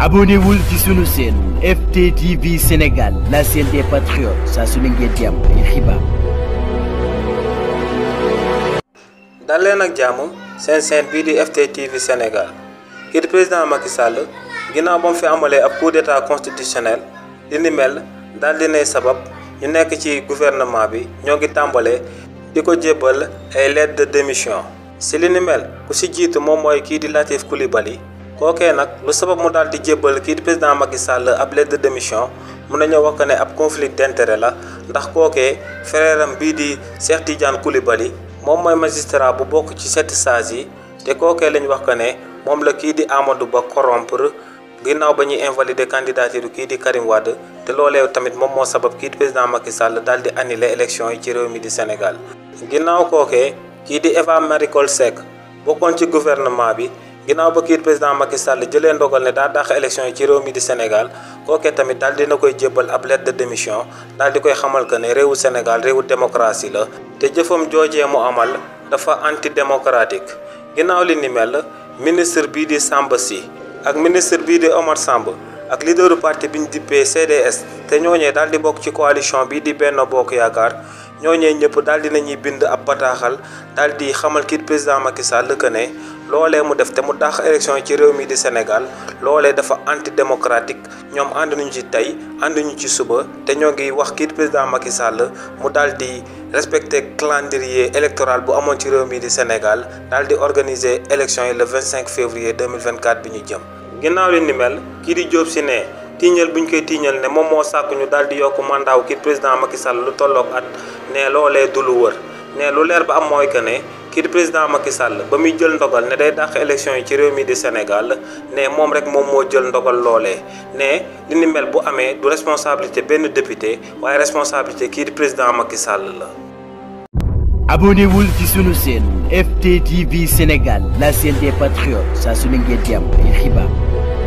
abonnez-vous à la chaîne FTTV Sénégal la chaîne des patriotes Ça de de FTTV Sénégal le président Macky Sall qui a fi coup d'état constitutionnel il mel daal di de sabab ñu ci gouvernement bi a de de di de démission C'est kookee nag lu sabab mu daal di jébbal kii di président Macky Sall ab lettre de démission mun nañoo wax ko ne ab conflit d'intérêt la ndax kookee frère bii di Cheikh Tidiane Koulibaly moom mooy magistrat bu bokk ci sept sages yi te kookee lañ wax ko ne moom la kii di Amadou Ba corrompre ginnaaw ba ñuy invalider candidature kii di Karim Wade te loolee tamit moom moo sabab kii di président Macky Sall daal di annuler élection yi ci réew mi di Sénégal ginnaaw kookee kii di Eva Marie Coll bokkoon ci gouvernement bi ginnaaw ba kiir président Macky Sall jëlee ndogal ne daa dàq élection yi ci réew mi di Sénégal kookee tamit daal na koy jébbal ab lettre de démission daal di koy xamal que ne réewu Sénégal réewu démocratie la te jëfam joojee mu amal dafa anti démocratique ginnaaw li ni mel ministre bii di Samba si ak ministre bii di Omar Samb ak leaderu parti bi ñu dippee CDS te ñooñee daal di bokk ci coalition bii di benn Bokk Yaakaar ñooñee ñëpp daal di nañuy bind ab bataaxal daal di xamal kii président Macky Sall que ne loolee mu def te mu dàq élection yi ci réew mii di Sénégal loolee dafa antidémocratique ñoom ànd nañu ci tey ànd ci suba te ñoo ngi wax kii président Macky Sall mu daal di respecter calendrier électoral bu amoon ci réew mii di Sénégal daal di organiser élection yi le 25 février 2024 bi ñu jëm. ginnaaw li ni mel kii di Diop si ne. tiiñal buñ koy tiiñal ne mom mo sàkk ñu daal di yokk mandaaw président Macky Sall lu tollok at ne l'olé du lu wër ne lu leer ba am moy que né ki président Macky Sall ba muy jël ndogal ne day dakh élection yi ci réew mi di Sénégal ne mom rek mom mo jël ndogal lolé ne li ni mel bu amé du responsabilité ben député ou responsabilité ki président Macky Sall la. Abonnez-vous ci sunu chaîne FTTV Sénégal la chaîne des patriotes saa su ne ngeen